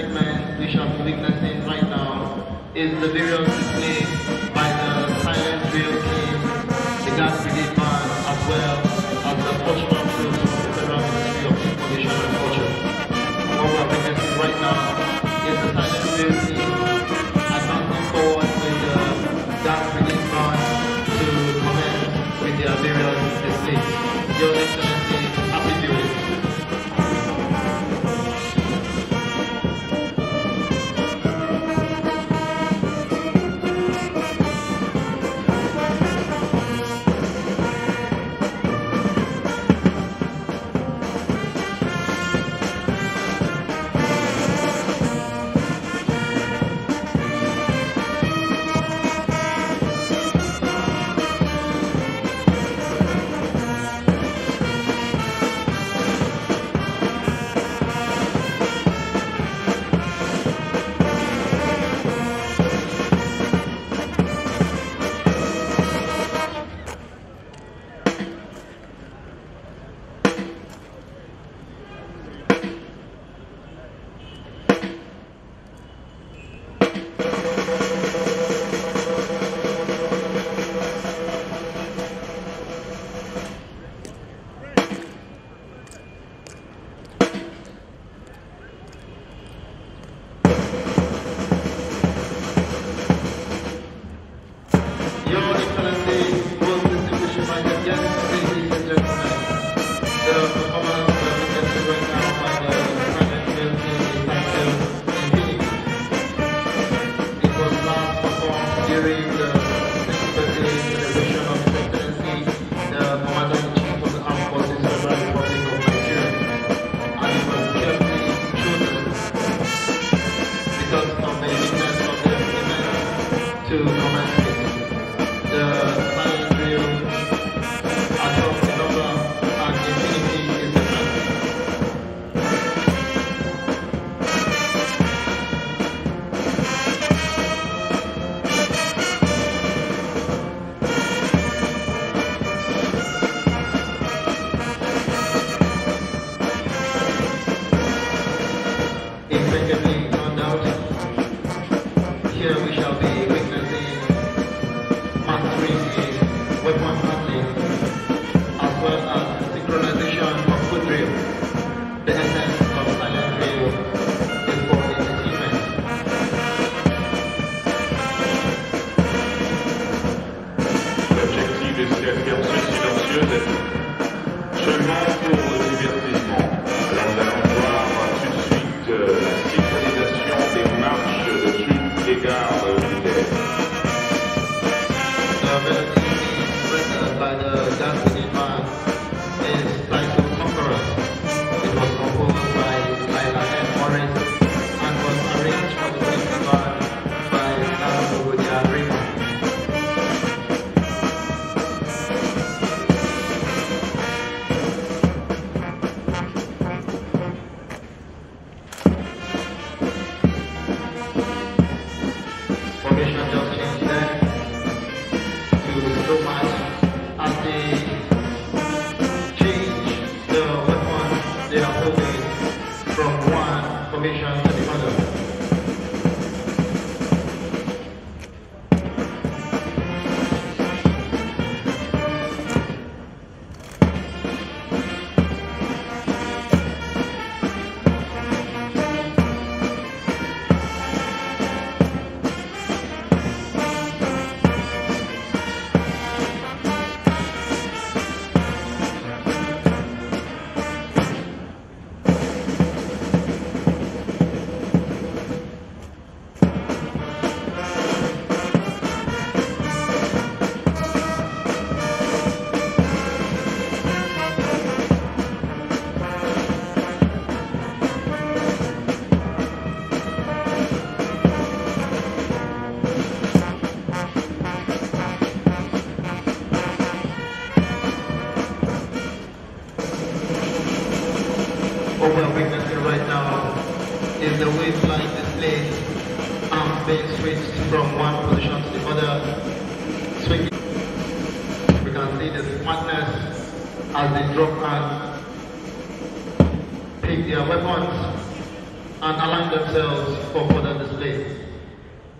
segment we shall be witnessing right now is the video display.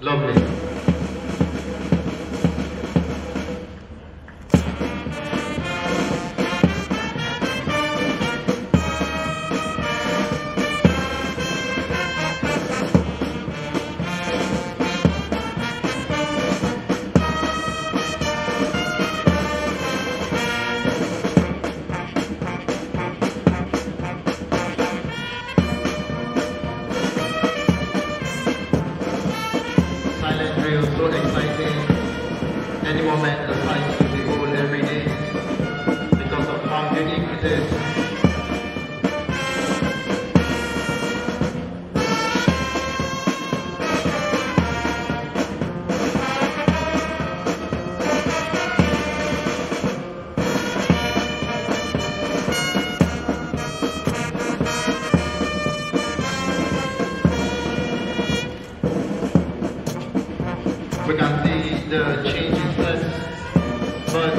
Lovely. so exciting. moment the fight to be goal every day because of how unique it is. we the, the changing first, But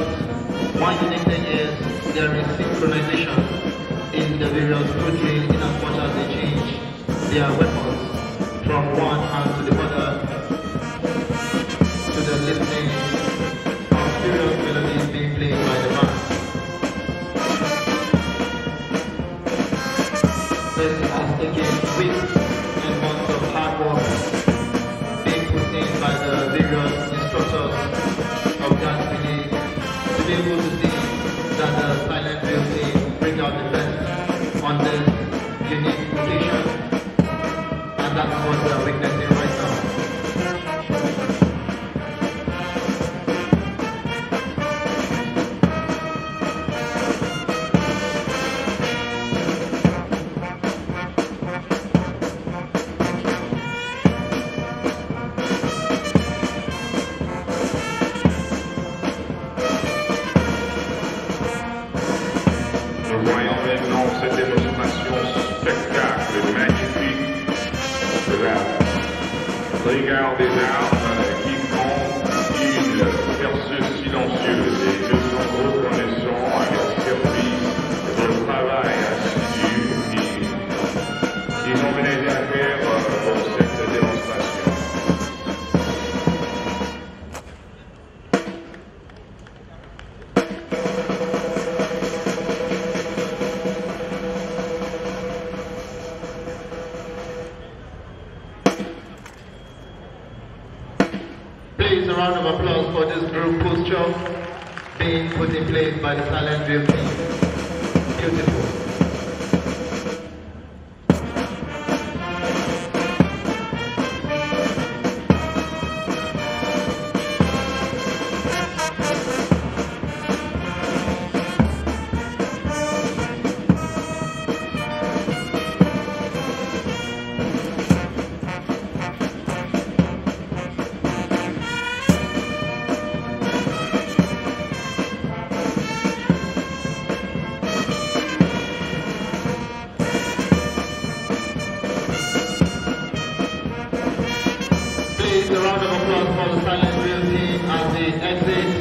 one unique thing is there is synchronization in the various countries in as much as they change their weapons. by Silent Dream. Beautiful. a round of applause for the silent real team as they exit.